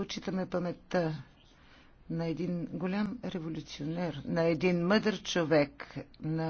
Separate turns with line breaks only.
почитаме паметта на един голям революционер, на един мъдър човек, на